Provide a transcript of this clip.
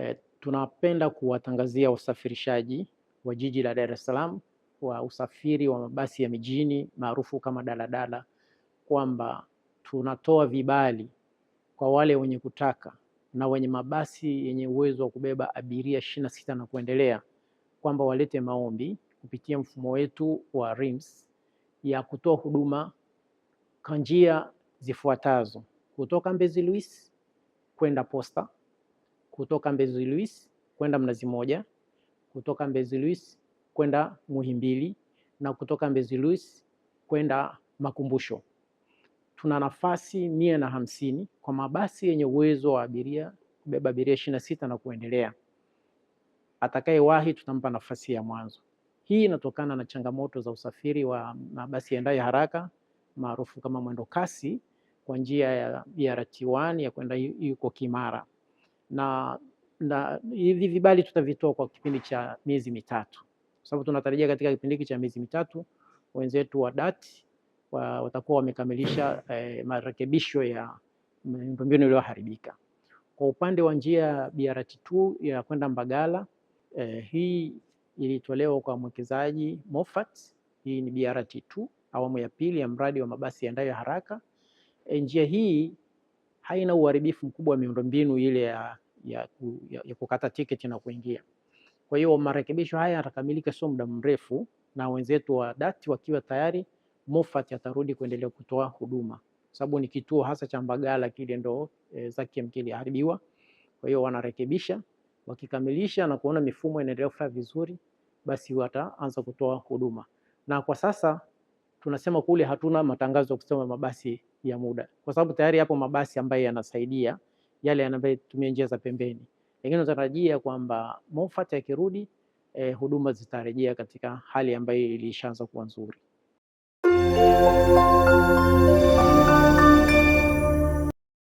E, tunapenda kuwatangazia wasafirishaji wa jiji la Dar es Salaam wa usafiri wa mabasi ya mijini maarufu kama daladala kwamba tunatoa vibali kwa wale wenye kutaka na wenye mabasi yenye uwezo wa kubeba abiria ishirini na sita na kuendelea kwamba walete maombi kupitia mfumo wetu wa RIMS ya kutoa huduma kwa njia zifuatazo: kutoka Mbezi Luis kwenda Posta kutoka Mbezi Luis kwenda Mnazi Moja, kutoka Mbezi Luis kwenda Muhimbili na kutoka Mbezi Luis kwenda Makumbusho. Tuna nafasi mia na hamsini kwa mabasi yenye uwezo wa abiria kubeba abiria ishirini na sita na kuendelea. Atakayewahi tutampa nafasi ya mwanzo. Hii inatokana na changamoto za usafiri wa mabasi yaendayo haraka maarufu kama mwendo kasi kwa njia ya BRT1 ya kwenda yuko Kimara na na hivi vibali tutavitoa kwa kipindi cha miezi mitatu, kwa sababu tunatarajia katika kipindi hiki cha miezi mitatu wenzetu wa dati wa, watakuwa wamekamilisha eh, marekebisho ya miundombinu iliyoharibika. Kwa upande wa njia BRT2 ya kwenda Mbagala eh, hii ilitolewa kwa mwekezaji Moffat. Hii ni BRT2 awamu ya pili ya mradi wa mabasi yaendayo haraka. Eh, njia hii haina uharibifu mkubwa wa miundombinu ile ya, ya, ya, ya kukata tiketi na kuingia. Kwa hiyo marekebisho haya yatakamilika sio muda mrefu, na wenzetu wa dati wakiwa tayari, Mofat atarudi kuendelea kutoa huduma, sababu ni kituo hasa cha Mbagala kile ndo e, eh, Zakhiem kiliharibiwa. Kwa hiyo wanarekebisha, wakikamilisha na kuona mifumo inaendelea kufanya vizuri, basi wataanza kutoa huduma. Na kwa sasa tunasema kule hatuna matangazo ya kusema mabasi ya muda, kwa sababu tayari yapo mabasi ambayo yanasaidia yale yanayotumia njia za pembeni, lakini unatarajia kwamba Moffat yakirudi eh, huduma zitarejea katika hali ambayo ilishaanza kuwa nzuri.